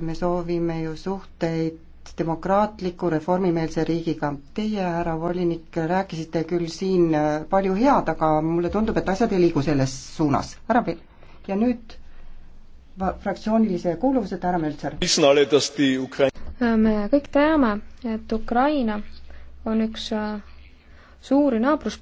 me soovime ju suhteid demokraatliku reformimeelse riigiga. Teie, härra volinik, rääkisite küll siin äh, palju head, aga mulle tundub, et asjad ei liigu selles suunas. härra Pihl, ja nüüd fraktsioonilise kuuluvuseta härra Möltser. me kõik teame, et Ukraina on üks äh, suuri naabrus-